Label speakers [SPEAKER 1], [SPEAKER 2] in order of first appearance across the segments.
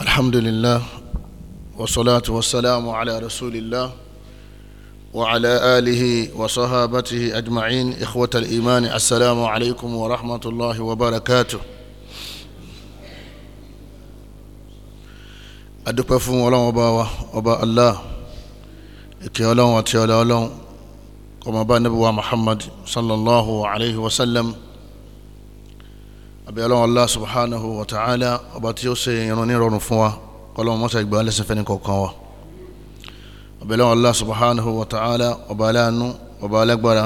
[SPEAKER 1] الحمد لله والصلاة والسلام على رسول الله وعلى آله وصحابته أجمعين إخوة الإيمان السلام عليكم ورحمة الله وبركاته adúpẹ́ fún ọlọ́run ọba wa ọba allah ìkẹ́ ọlọ́run àti ọlọ́run kó máa bá nábì wa muhammad sallallahu alayhi wa sallam àbí ọlọ́run Allah subhanahu wa ta'ala ọba tí ó ṣe irun ní ìrọ̀rùn fún wa ọlọ́run mọ́sá ìgbà lẹ́sìn fẹ́ni kọ̀ọ̀kan wa àbí ọlọ́run Allah subhanahu wa ta'ala ọba aláàánú ọba alágbára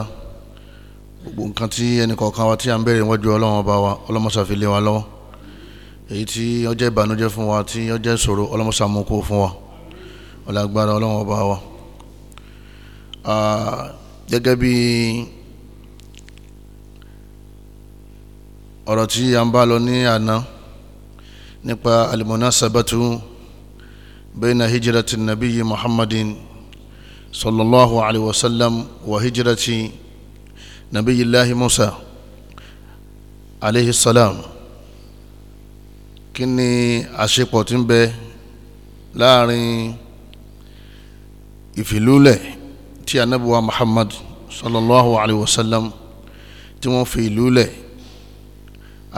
[SPEAKER 1] gbogbo nǹkan tí ẹnì kọ̀ọ̀kan wa tí a ń bẹ̀rẹ̀ wájú ọlọ́run ọba wa ọlọ́mọsá fi lé wa lọ́wọ́ èyí tí ó jẹ́ ìbànújẹ́ fún wa tí ó jẹ́ ìṣòro ọlọ́run ọba wa ọ̀rọ̀ tí a ń bá lọ ní àná nípa al-munasabatu bayna hijrati nabiyyi muhammadin sallallahu alaihi wasallam wa hijrati nabiyyillahi musa alaihi salam kí ni àṣepọ̀ tí ń bẹ láàrin ìfìlúlẹ̀ tí anabuwa muhammad sallallahu alaihi wasallam tí wọ́n fi ìlúlẹ̀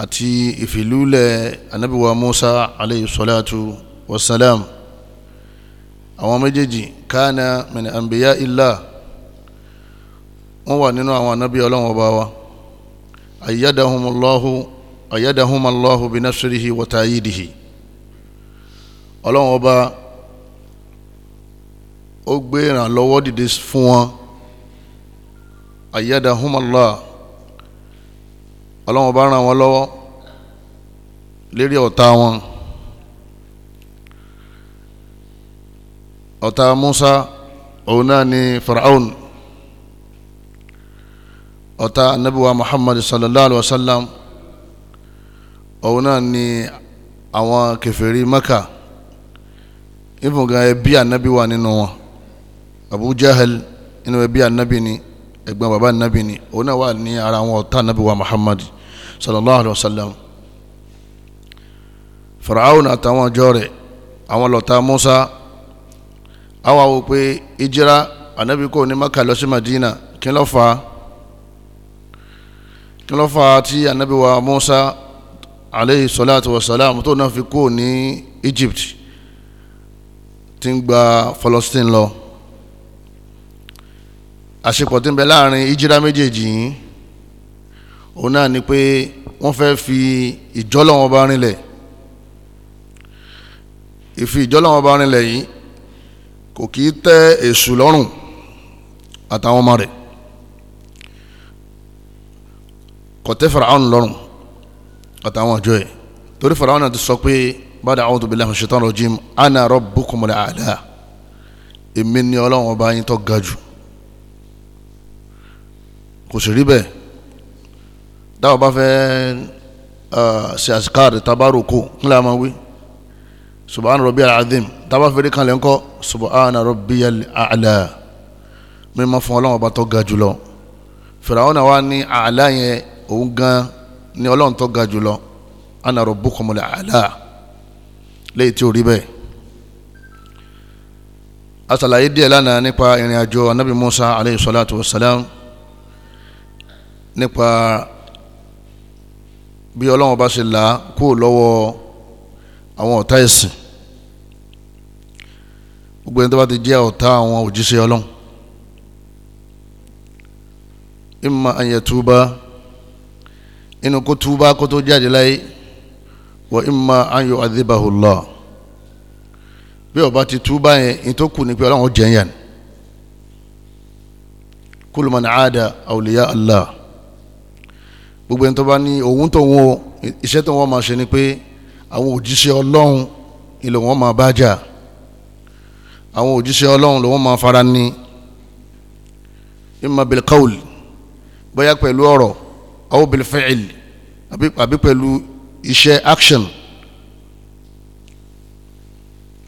[SPEAKER 1] àti ìfìlúlẹ̀ anábíwá Musa alayhi salatu wasalam àwọn méjèèjì kana min anbiya illah wọ́n wà nínú àwọn anábí ọlọ́wọ́n bá wa ayyadahumallahu ayyadahumallahu bi nasrihi wa tayidihi ọlọ́wọ́n bá ó gbé ìrànlọ́wọ́ dìde fún wọn ayyadahumallahu ọlọ́run bá ràn wọ́n lọ́wọ́ lérí ọ̀tá wọn ọ̀tá Musa òun náà ni Faraon ọ̀tá anabiwa Muhammad sallallahu alayhi wa sallam òun náà ni àwọn kèfèrí Maka ìfúnga ẹbí anabi wà nínú wọn Abu Jahal inú ẹbí anabi ni ẹ̀gbọ́n baba anabi ni òun náà wà ní ara wọn ọ̀tá anabiwa Muhammad sallallahu alayhi wa sallam faraawuna àtàwọn ọjọ́ rẹ̀ àwọn lọ́ta musa àwa wò pé ìjìra anabi kò ní maka lọ sí madina kí ló fà á kí ló fà á tí anabi wa musa aleyhi salatu wa salam tó náà fi kú ní egypt tí ń gba Palestine lọ àṣepọ̀ tí ń bẹ láàrin ìjìra méjèèjì yìí òun náà ni pé wọ́n fẹ́ fi ìjọ́lọ́wọ́n bá rinlẹ̀ ìfi ìjọ́lọ́wọ́n bá rinlẹ̀ yìí kò kì í tẹ́ èṣù lọ́rùn àtàwọn ọmọ rẹ̀ kò tẹ́ Fáráò lọ́rùn àtàwọn àjọ ẹ̀ torí Fáráò náà ti sọ pé bàdà a'udhu billahi minash shaitanir rajim ana rabbukumul a'la èmi ni ọlọ́wọ́n bá yín tó ga jù kò sì rí bẹ́ẹ̀ táwọn bá fẹ́ ṣe àṣìkáàrì tabaru kù ńlá máa wí subahana rabbi al-azim tábà fèrè kan lè ń kọ́ subahana rabbi al-ala mímọ́ fún ọlọ́run ọba tó ga jùlọ Fìràwọ́nà wa ní àlá yẹn òun gan ní ọlọ́run tó ga jùlọ ana rabbukumul ala léyìí tí ò rí bẹ́ẹ̀ asàlàyé díẹ̀ lánàá nípa ìrìn àjò anabi Musa aleyhi salatu wa salam nípa bí ọlọ́run bá ṣe là á kúrò lọ́wọ́ àwọn ọ̀tá ẹ̀sìn gbogbo ẹni tó bá ti jẹ́ ọ̀tá àwọn òjíṣẹ́ ọlọ́run imma an yatuba inú kó túbá kó tó jáde láyé wa imma an yu'adhibahu bí ó ti túbá yẹn ìtòkù ní pé ọlọ́run jẹ́ yẹn kullu man aada awliya Allah gbogbo ẹni tó bá ní òun tó wọn iṣẹ́ tó wọn máa ṣe ni pé àwọn òjíṣẹ́ ọlọ́run ìlò wọn máa bá jà àwọn òjíṣẹ́ ọlọ́run ló wọn máa fara ní imma bil qawl bóyá pẹ̀lú ọ̀rọ̀ aw bil fi'l àbí pẹ̀lú iṣẹ́ action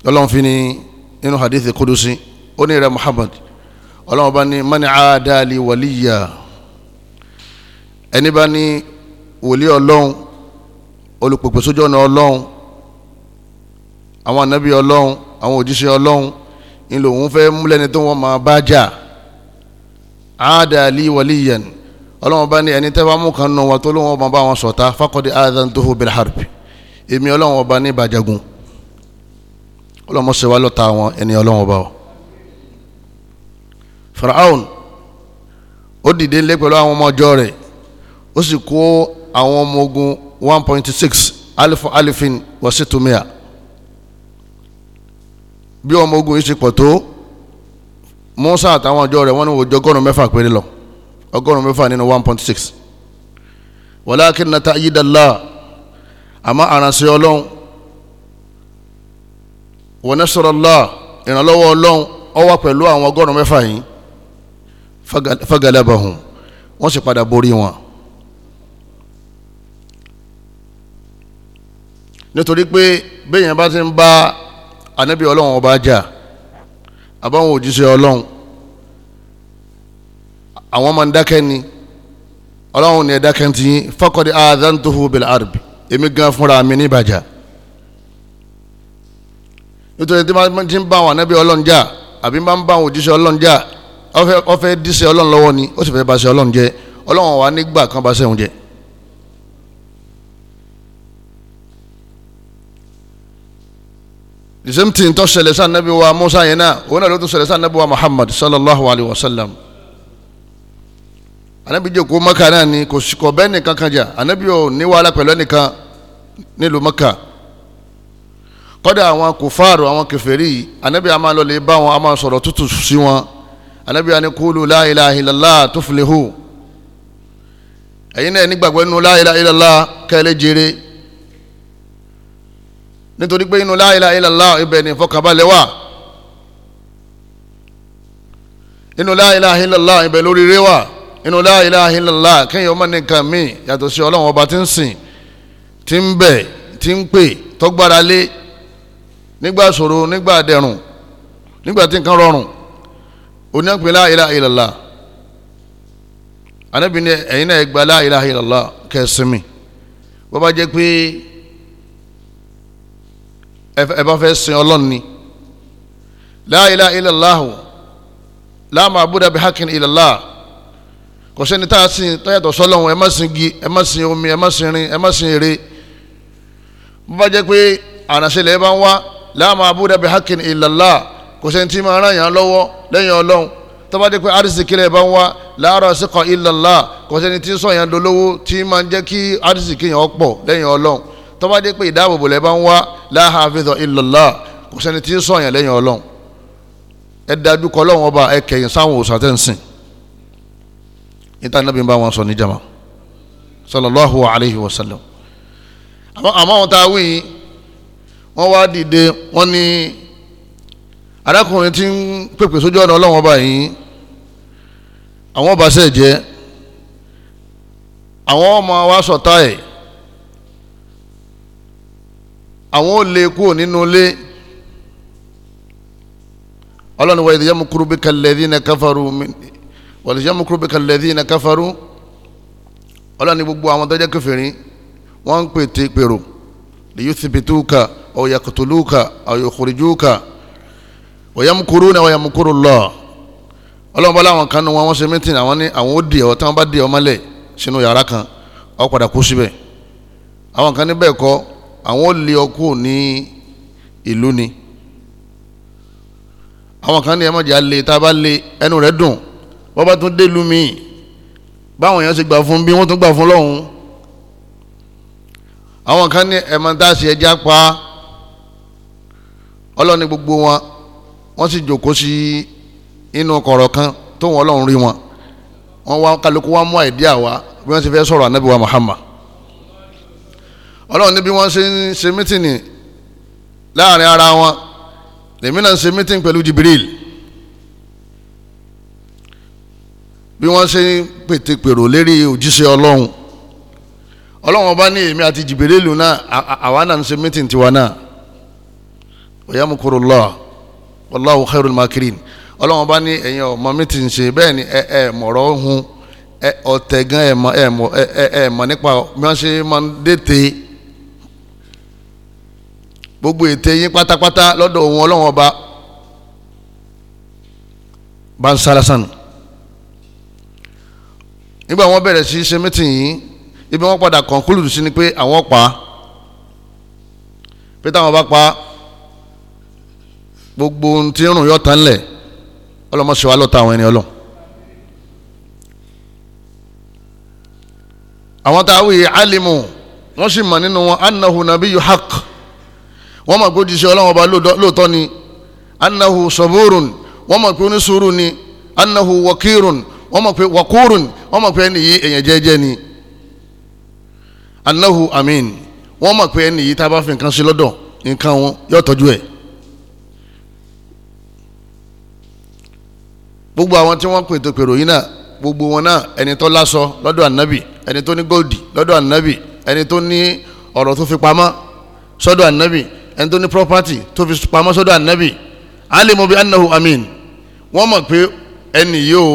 [SPEAKER 1] ọlọ́run fi ni inú hadith kudusi ó ní rẹ̀ Muhammad ọlọ́run bá ní mani aadali waliya ẹni bá ní wòlíì ọlọ́run olùpèpè sójú ọ̀nà ọlọ́run àwọn ànábì ọlọ́run àwọn òjíṣẹ́ ọlọ́run ń lòun fẹ́ múlẹ̀ ní tó wọ́n máa bá jà áádàálí wàlíyàn ọlọ́run bá ní ẹni tẹ́ bá mú kan nù wọn tó lóun ọba bá wọn sọ̀tá fákọ́dé áádàn tó hó bil harbi èmi ọlọ́run ọba ní ìbàjẹ́gun ọlọ́run ṣe wá lọ́ta àwọn ẹni ọlọ́run ọba o Fáráò ó dìde lé pẹ̀lú àwọn ọmọ ọjọ́ rẹ̀ ó sì kó àwọn ọmọ ogun one point six alifu alifin wasitumia bí ọmọ ogun yìí ṣe pọ̀ tó Musa àtàwọn ọjọ́ rẹ̀ wọ́n ní wòjọ ọgọ́rùn-ún mẹ́fà péré lọ ọgọ́rùn-ún mẹ́fà nínú one point six walakin nata ayidala àmọ́ àránṣẹ́ ọlọ́run wọ́n sọ̀rọ̀ lọ́à ìrànlọ́wọ́ ọlọ́run ó wà pẹ̀lú àwọn ọgọ́rùn-ún mẹ́fà yìí fagalabahum wọ́n sì padà borí wọn. nítorí pé bẹ́ẹ̀yẹn bá ti ń bá ànábì ọlọ́run ọba jà àbáwọn òjíṣẹ́ ọlọ́run àwọn máa ń dákẹ́ ni ọlọ́run ni ẹ dákẹ́ ti yín faqad aadhantuhu bil arbi èmi gan fúnra mi ní ìbàjá nítorí tí wọ́n ti ń bá àwọn ànábì ọlọ́run jà àbí máa ń bá àwọn òjíṣẹ́ ọlọ́run jà ó díṣẹ́ ọlọ́run lọ́wọ́ ni ó sì fẹ́ bá ṣe ọlọ́run jẹ́ ọlọ́run wà nígbà kan bá ṣe òun ìsèmtì ń tọ́ ṣẹlẹ̀ sí anabi wa musa yẹn náà òun náà ló tún ṣẹlẹ̀ sí anabi wa muhammad sallallahu alayhi wa sallam anabi jókòó maka náà ni kò sí kọ bẹ́ẹ̀ nìkan kan jà anabi ò ní wàhálà pẹ̀lú ẹnìkan nílùú maka kọ́dà àwọn kòfààrọ̀ àwọn kẹfẹ́rì anabi àmà lọ lè bá wọn àmà sọ̀rọ̀ tútù sí wọn anabi àni kúlù la ilaha illallah ẹ̀yin náà nígbàgbọ́ nínú la ilaha illallah kẹ́lẹ́ jèrè nítorí pé inú la ilaha illallah ibẹ̀ ní ìfọkànbalẹ̀ wà inú la ilaha illallah ibẹ̀ lórí rẹ wà inú la ilaha illallah kéèyàn ọmọ nìkan míì yàtọ̀ sí ọlọ́run ọba tí ń sìn tí ń bẹ̀ tí ń pè tọ́gbára lé nígbà ṣòro nígbà dẹ̀rùn nígbà tí nǹkan rọrùn oníyànpẹ̀ la ilaha illallah anábìíní ẹ̀yin náà gba la ilaha illallah kẹ́sìmì jẹ́ pé ẹ bá fẹ́ sin ọlọ́run ni la ilaha illallah la ma'buda bihaqqin illallah kò sẹ́ni tá a sin tó yàtọ̀ sọ́lọ́run ẹ má sin gi ẹ má sin omi ẹ má sin rin ẹ má sin eré bó bá jẹ́ pé àránṣẹ́lẹ̀ ẹ bá ń wá la ma'buda bihaqqin illallah kò sẹ́ni tí máa ràn yàn lọ́wọ́ lẹ́yìn ọlọ́run tó jẹ́ pé arísìkí lẹ̀ bá ń wá la rasiqa illallah kò sẹ́ni tí sọ̀yàn dolówó tí máa jẹ́ kí arísìkí yàn ọ̀pọ̀ lẹ́yìn ọlọ́run tó bá dé pé ìdáàbòbò lẹ bá ń wá la hafiza illallah kò sẹ́ni tí ń sọ̀yàn lẹ́yìn ọlọ́run ẹ dájú kọ ọlọ́run ọba ẹ kẹ̀yìn sáwọn òòsàn tẹ́ ń sìn níta níbi bá wọn sọ ní jama sallallahu alayhi wa sallam àmọ́ àwọn tá a wí wọ́n wá dìde wọ́n ní arákùnrin tí ń pèpè sójú ọ̀nà ọlọ́run ọba yìí àwọn ọba sẹ́ẹ̀ jẹ́ àwọn ọmọ wa sọ̀tá ẹ̀ àwọn ò lè kúrò nínú ilé ọlọ́ni wa ìdíyàmú kúrú bí kàlẹ́dí na káfàrú wà ìdíyàmú kúrú bí kàlẹ́dí na káfàrú ọlọ́ni gbogbo àwọn tọ́jà kẹfìrí wọ́n ń pètè pèrò lèyí sibituka ọ̀yàkùtùlùkà ọ̀yàkùrìjùkà ọ̀yàmùkúrú ni ọ̀yàmùkúrú lọ ọlọ́run bá láwọn kan nu wọn wọ́n ṣe mítìn àwọn ní àwọn ó di ọ̀ táwọn bá di ọ mọ́lẹ̀ sínú yàrá kan ó padà kú síbẹ̀ àwọn kan níbẹ̀ kọ́ àwọn lé ọkọ ní ìlú ni àwọn kan ní ẹ má jẹ́ alẹ́ tá a bá lé ẹnu rẹ̀ dùn wọ́n bá tún délùú míì báwọn èèyàn ṣe gbà fún bí wọ́n tún gbà fún lọ́hùn àwọn kan ní ẹ̀mọ́ tá a ṣe ẹja pa ọlọ́ni gbogbo wọn wọ́n sì jòkó sí inú kọ̀rọ̀ kan tó wọn ọlọ́run rí wọn wọ́n wá kálukú wá mú àìdíà wá bí wọ́n ti fẹ́ sọ̀rọ̀ ànábì Muhammad ọlọ́run ní bí wọ́n ṣe ń ṣe mítìnì láàrin ara wọn lèmi náà ń ṣe mítìnì pẹ̀lú Jibril bí wọ́n ṣe ń pètèpèrò lérí òjíṣẹ́ ọlọ́run ọlọ́run ọba ní èmi àti Jibril náà àwa náà ń ṣe mítìnì tiwa náà ọ̀yàmùkúrúlọ́ wallahu khairul makirin ọlọ́run ọba ní ẹ̀yin ọmọ mítìnì ṣe bẹ́ẹ̀ ni ẹ ẹ mọ̀rọ̀ hun ọ̀tẹ̀ gan ẹ̀ mọ̀ nípa bí wọ́n ṣe máa ń dètè gbogbo ète yín pátápátá lọ́dọ̀ òun ọlọ́wọ́n ọba bá ń sálásán nígbà wọn bẹ̀rẹ̀ sí ṣe mítìn yìí ibi wọn padà conclude sí ni pé àwọn pa pé táwọn bá pa gbogbo ohun tí ń rùn yọ̀ tán ọlọ́mọṣẹ́wá lọ́ta àwọn ẹni ọlọ́ àwọn táwọn yìí alimu wọ́n sì mọ̀ nínú wọn anahu nabiyu haq wọ́n mọ̀ pé òjíṣẹ́ ọlọ́run ọba lóòótọ́ ni annahu saburun wọ́n mọ̀ pé onísùúrù ni annahu wakirun wọ́n mọ̀ pé wakurun wọ́n mọ̀ pé ẹni yìí èèyàn jẹ́jẹ́ ni annahu amin wọ́n mọ̀ pé ẹni yìí tá a bá fi nǹkan sí lọ́dọ̀ nǹkan wọn yóò tọ́jú ẹ̀ gbogbo àwọn tí wọ́n pètò pèrò yìí náà gbogbo wọn náà ẹni tó láṣọ lọ́dọ̀ ànábì ẹni tó ní góòdì lọ́dọ̀ ànábì ẹni tó ní ọ̀rọ̀ tó fi pamọ́ sọ́dọ̀ ànábì ẹni tó ní property tó fi pamọ́ sọ́dọ̀ ànábì alimu bi annahu amin wọ́n mọ̀ pé ẹni yìí o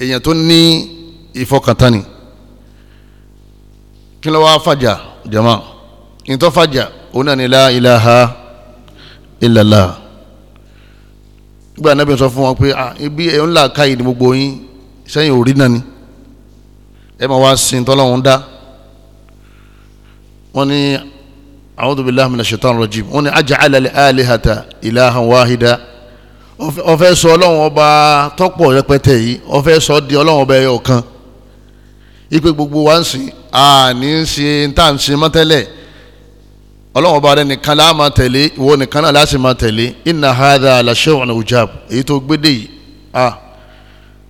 [SPEAKER 1] èèyàn tó ní ìfọkàntánì kí ló wá fàjà jama ìtọ́ fàjà òun náà ní la ilaha illallah gbé ànábì sọ fún wọn pé ibi ẹ̀ ń là káyìí ní gbogbo yín sẹ́yìn ò rí náà ni ẹ máa wá sin tọ́lọ́hún dá wọ́n ní a'udhu billahi minash shaitanir rajim wọ́n ní aj'ala al-alihata ilahan wahida ó fẹ́ sọ ọlọ́run ọba tọ́pọ̀ rẹpẹtẹ yìí ó fẹ́ sọ di ọlọ́run ọba ẹyọ kan ipe gbogbo wa ń sìn àní ń ṣe ń tà ń ṣe mọ́tẹ́lẹ̀ ọlọ́run ọba rẹ nìkan láà máa tẹ̀lé ìwọ nìkan náà láti máa tẹ̀lé inna hadha la shay'un ujab èyí tó gbédè yìí a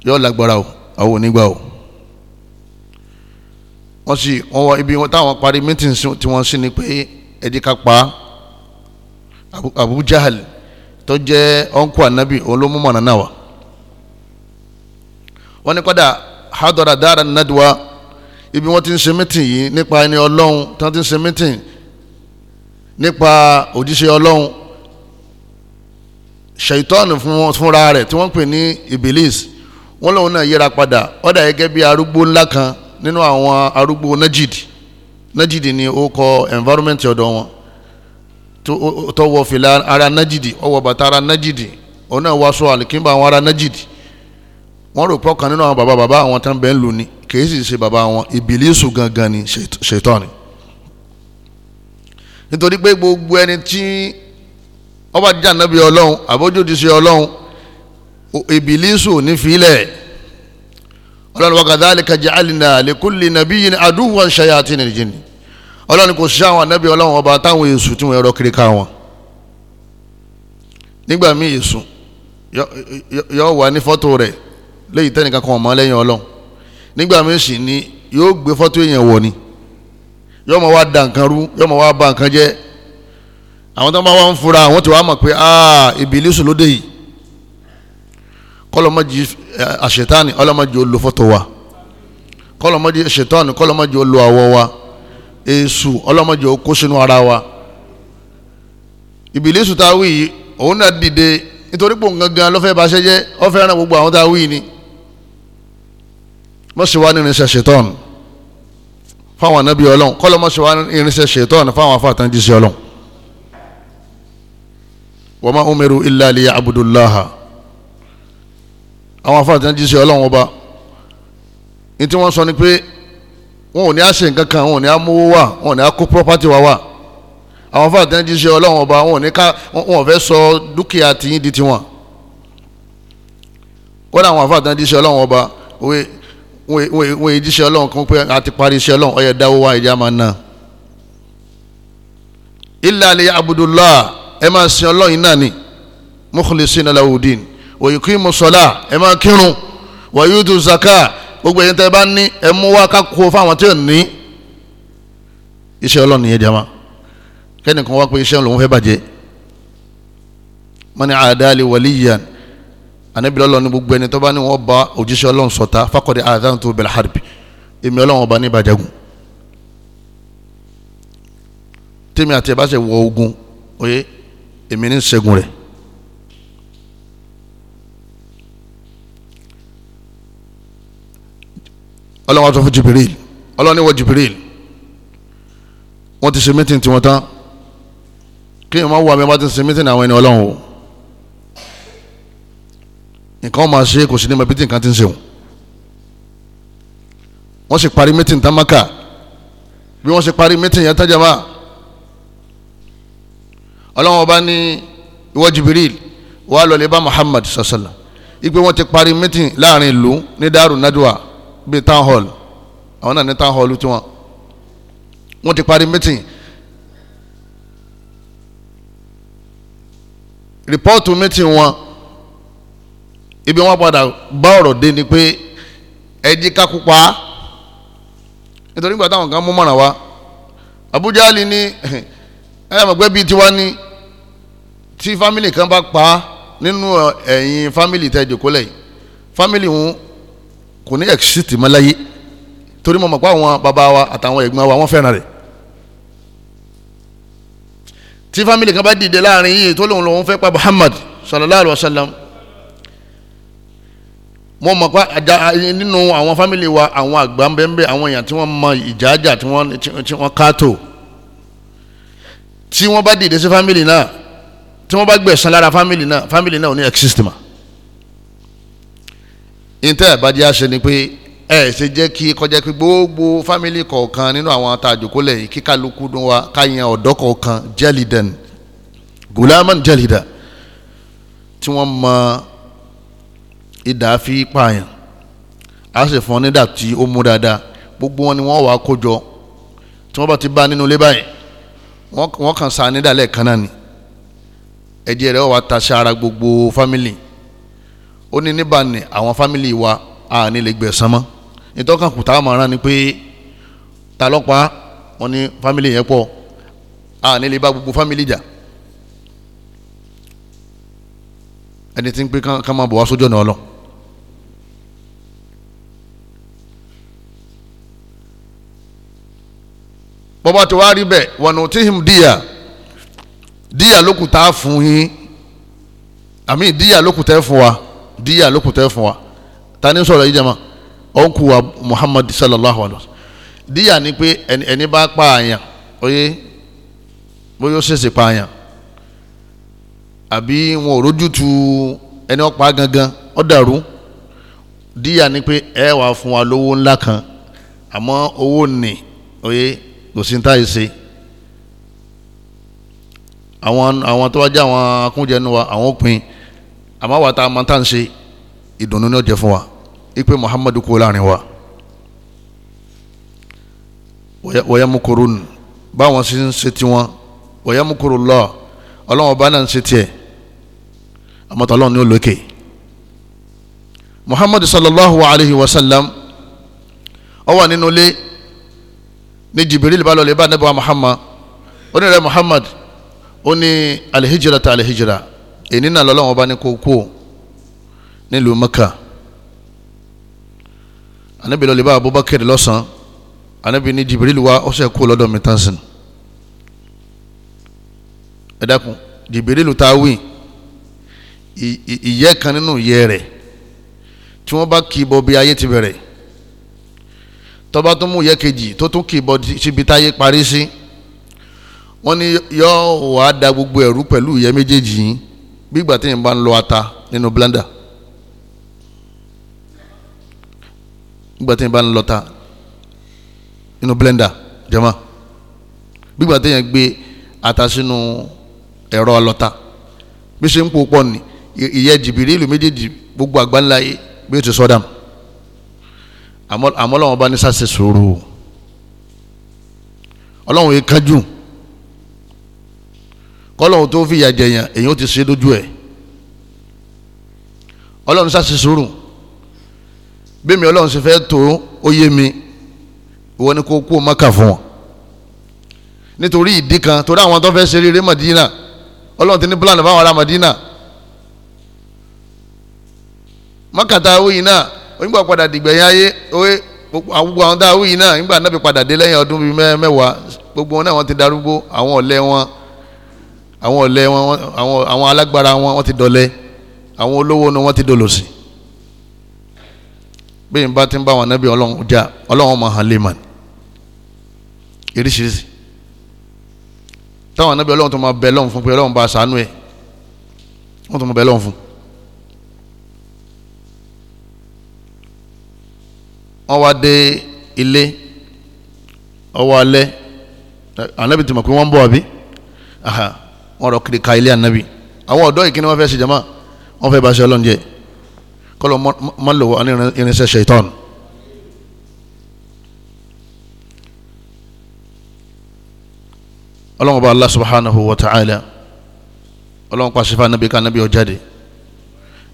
[SPEAKER 1] yóò lágbára o àwọn onígbà o wọ́n sì wọ́n wọ ibi táwọn parí mítìnsì tí wọ́n sì ní pé ẹ̀dí ká pa Abu Jahal tó jẹ́ ọ̀nkú anabi òun ló mú mọ̀nà náà wá wọ́n ní kọ́dà hadara dara nadwa ibi wọ́n ti ń ṣe mítìn yìí nípa ẹni ọlọ́run tí wọ́n ti ń ṣe mítìn nípa òjíṣẹ́ ọlọ́run ṣèitọ́ọ̀nù fúnra rẹ̀ tí wọ́n pè ní ibilis wọ́n lòun náà yíra padà ọ̀dà gẹ́gẹ́ bí arúgbó ńlá kan nínú àwọn arúgbó najid Najidi ni ó kọ environment ọ̀dọ̀ wọn tó wọ fìlà ara najidi ó bata ara najidi ona náà wọ aṣọ àlìkínbà àwọn ara nájìdì wọ́n rò pọ̀ kan nínú àwọn baba bàbá àwọn tán bẹ́ẹ̀ ń lù ní kì í sì ṣe bàbá wọn ìbílísù gangan ni ṣètọ́ nítorí pé gbogbo ẹni tí ọba jíjà nàbí ọlọ́run àbójútì ṣe ọlọ́run ìbílísù ní fílẹ̀ ọlọ́run wa kadhalika ja'alna likulli nabiyyin aduwwan shayatinil jinni ọlọ́run kò sí àwọn anábì ọlọ́run ọba táwọn èṣù tí wọ́n ẹ̀rọ kiri ká wọn nígbà míì èṣù yóò wà ní fọ́tò rẹ̀ léyìí tẹ́nìkan kan ọ̀mọ́ lẹ́yìn ọlọ́run nígbà míì sì ni yóò gbé fọ́tò èèyàn wọ̀ ni yóò mọ̀ wá da nǹkan rú yóò mọ̀ wá ba nǹkan jẹ́ àwọn tó bá wà ń fura àwọn tó wà mọ̀ pé ah ìbílísù lóde yìí kọlọmọdì àṣetánì ọlọmọdì olùfọtò wa kọlọmọdì àṣetánì kọlọmọdì olùwàwọ wa èṣù ọlọmọdì okó sínú ara wa ìbílísù tá a wí yìí òun náà dìde nítorí pò ń gangan lọ́fẹ́ bá ṣe jẹ́ ọ̀fẹ́ ràn gbogbo àwọn tá a wí ni mọ̀ṣẹ̀wá ní irinṣẹ́ ṣetánì fáwọn anábì ọlọ́run kọlọmọṣẹ̀wá ní irinṣẹ́ ṣetánì fáwọn afáàtàn jíṣẹ́ ọlọ́run wa ma umiru illa liya'budullaha àwọn afáàtì náà jíṣẹ́ ọlọ́run ọba ní tí wọ́n sọ ni pé wọn ò ní àṣẹ nǹkan kan wọn ò ní amówó wà wọn ò ní akó property wa wà àwọn afáàtì náà jíṣẹ́ ọlọ́run ọba wọn ò ní ká wọn ò fẹ́ sọ dúkìá tìyín di tiwọn kódà àwọn afáàtì náà jíṣẹ́ ọlọ́run ọba wọn èyí jíṣẹ́ ọlọ́run kan pé àti parí iṣẹ́ ọlọ́run ọyẹ dáwó wa ìjà máa ná illa li abudullah ẹ máa sin ọlọ́run náà ni mukhlisina lahudin òyìnkú ìmùsọ̀lá ẹ máa kírun wàyúdù zaka gbogbo ẹ̀yin tẹ́ ẹ bá ní ẹ mú wá kákó fáwọn tí ò ní iṣẹ́ ọlọ́run nìyẹn jama kẹ́nìkan wá pé iṣẹ́ òun fẹ́ bàjẹ́ mọ́ni àdáàlì wàlíyàn ànábìlẹ̀ ọlọ́run ní gbogbo ẹni tó bá ní wọ́n bá òjíṣẹ́ ọlọ́run sọ̀tá faqad adhantu bil harbi èmi ọlọ́run ọba ní ìbàjẹ́gùn tèmi àti ẹ̀ bá ṣe wọ ogun òye èmi ní ṣẹ́gun rẹ̀ ọlọ́wọ́n sọ fún Jibril ọlọ́wọ́n ní wọ́n Jibril wọ́n ti ṣe mítìn tiwọn tán kí ni wọ́n wà mí wọ́n ti ṣe mítìn àwọn ẹni ọlọ́run o nǹkan ọmọ ṣe kò sí ní mẹ́bí tí nǹkan ti ń ṣeun wọ́n sì parí mítìn tamaka bí wọ́n sì parí mítìn yẹn tájàmá ọlọ́wọ́n ọba ní ìwọ Jibril wàá lọ bá Muhammad sallallahu ìgbé wọ́n ti parí mítìn láàrin ìlú ní Daaru Nadwa bíi town hall àwọn náà ní town hall tiwọn wọ́n ti parí meeting rìpọ́ọ̀tù meeting wọn ibi wọ́n padà bá ọ̀rọ̀ dé ni pé ẹjí kákúpa nítorí nígbà táwọn kan mú mọ̀ràn wá Abuja ali ní ẹ ẹ mọ̀gbẹ́ bíi tiwa ni tí fámìlì kan bá pa nínú eh, ẹ̀yìn fámìlì tẹ̀ jòkó lẹ́yìn fámìlì ń kò ní ẹ̀sìtì mọ́ láyé torí mo mọ̀ pé àwọn bàbá wa àtàwọn ẹ̀gbọ́n wa wọ́n fẹ́ràn rẹ̀ tí fámìlì kan bá dìde láàrin yìí tó lóun lòun fẹ́ pa Muhammad sallallahu alayhi wa sallam mo mọ̀ pé nínú àwọn fámìlì wa àwọn àgbà ń bẹ́ẹ̀ àwọn èèyàn tí wọ́n mọ ìjàjà tí wọ́n káàtó tí wọ́n bá dìde sí fámìlì náà tí wọ́n bá gbẹ̀san lára fámìlì náà fámìlì náà ò ní ẹ̀sìtì mọ́ ìtẹ́ ìbàjẹ́ àṣẹ ni pé ẹ ṣe jẹ́ kí kọjá pé gbogbo fámìlì kọ̀ọ̀kan nínú àwọn àtàjòkólẹ̀ yìí kí kálukú dún wa káyàn ọ̀dọ́ kọ̀ọ̀kan jẹ́lìdẹ̀n gulaman jẹ́lìdà tí wọ́n mọ ìdá fi pààyàn a sì fún ọ nídà tí ó mú dáadáa gbogbo wọn ni wọ́n wàá kó jọ tí wọ́n bá ti bá nínú ilé báyìí wọ́n kàn sa nídà lẹ́ẹ̀kan náà ni ẹ̀jẹ̀ rẹ̀ wà ta ara gbogbo fámìlì ó ní níbà ní àwọn fámìlì wa a ní lè gbẹ̀sán mọ́ ìtọ́kàn kùtà àmọ̀ràn ni pé ta lọ́pàá wọn ní fámìlì yẹn pọ̀ a ní lè bá gbogbo fámìlì jà ẹni tí ń pé ká máa bọ̀ wá sójú ọ̀nà ọlọ́ bọ́bá tí wàá rí bẹ́ẹ̀ wọnú tí him díyà díyà lókùtà fún yín àmì díyà lókùtà fún wa díyà ló kù tẹ́ fún wa ta ni sọ̀rọ̀ yìí jẹ́ ma ọ̀hún kù wa Muhammad sallallahu alayhi wa sallam díyà ni pé ẹni bá pa àyàn oyè bóyá ó ṣèṣe pa àyàn àbí wọn ò rójú tu ẹni ọ̀pá gangan ó dàrú díyà ni pé ẹ wà fún wa lówó ńlá kan àmọ́ owó nì oyè kò sí ní àwọn àwọn tó wá jẹ́ àwọn akúnjẹnu wa àwọn pin àmọ́ wa ta amanta ń ṣe ìdùnnú náà jẹ́ fún wa ipe muhammadu kú láàrin wa wọ́yàmukurun báwọn sì ń ṣe tiwọn wọ́yàmukurun lọ ọlọ́wọ́n bá náà ń ṣe tiẹ̀ àmọ́tọ́ ọlọ́run ní olókè muhammadu sallallahu alayhi wa sallam ó wà nínú ilé ní jibril bá lọlẹ́ bá nebà muhammad onírẹ̀ muhammad ó ní alihijira ta alihijira èyí náà lọ́lọ́wọ́n bá ní kó kú o nílùú Mẹ́kà anabi lọ́ọ́ lè bá Abubakar lọ́sàn-án anabi ní Jibril wá ọ̀sẹ̀ kú lọ́dọ̀ mi tán sìn ẹ dákun Jibril ta wí ìyẹ́ kan nínú ìyẹ́ rẹ̀ tí wọ́n bá kì í bọ́ bí ayé ti bẹ̀rẹ̀ tọ́ba tó mú ìyẹ́ kejì tó tún kì í bọ́ síbi táyé parí sí wọ́n ní yọ wàá da gbogbo ẹ̀rú pẹ̀lú ìyẹ́ méjèèjì yìí bí ìgbà téèyàn bá ń lọ ata nínú blender ìgbà téèyàn bá ń lọ ta nínú blender jama bí ìgbà téèyàn gbé ata sínú ẹ̀rọ ọlọ́ta bí ṣe ń pò pọ̀ ní ìyẹ́ jìbìrì ìlú méjèèjì gbogbo àgbáńlá yìí bí ó ti sọ́dà àmọ́ làwọn bá ní sáṣẹ sòrò ọlọ́run yìí kájú kọ́lọ́hún tó fìyà jẹyàn èyàn ti ṣe lójú ẹ̀ ọlọ́run sá sí sùúrù bí mi ọlọ́run sì fẹ́ tó ó yé mi ìwọ ni kò kú o mọ́kà fún wọn nítorí ìdí kan torí àwọn tó fẹ́ ṣe rere Madina ọlọ́run ti ní plan fáwọn ará Madina mọ́kàtà awúyìn náà onígbà padà dìgbẹ̀yìn ayé oye gbogbo àwọn tá awúyìn náà nígbà náà fi padà dé lẹ́yìn ọdún bíi mẹ́wàá gbogbo wọn náà wọ́n ti darúgbó àwọn ọ̀lẹ́ wọn àwọn ọ̀lẹ wọn àwọn alágbára wọn wọ́n ti dọ̀lẹ àwọn olówó ni wọ́n ti dolòṣì bí n bá ti ń bá àwọn anábì ọlọ́run jà ọlọ́run máa hàn lè mà ní eríṣiríṣi táwọn anábì ọlọ́run tó máa bẹ lọ́run fún pé ọlọ́run bá ṣàánú ẹ̀ wọ́n tó máa bẹ lọ́run fún. wọ́n wá dé ilé ọwọ́ alẹ́ anábì ti mọ̀ pé wọ́n ń àbí wọn rọ kiri ka ilé ànábì àwọn ọ̀dọ́ yìí kí ni wọ́n fẹ́ ṣe jama wọ́n fẹ́ baṣẹ́ ọlọ́run jẹ kọ́lọ́ má lò wọ́n ní irinṣẹ́ ṣaitan. ọlọ́run bá Allah subhanahu wa ta'ala ọlọ́run pàṣẹ fún ànábì ká ànábì ó jáde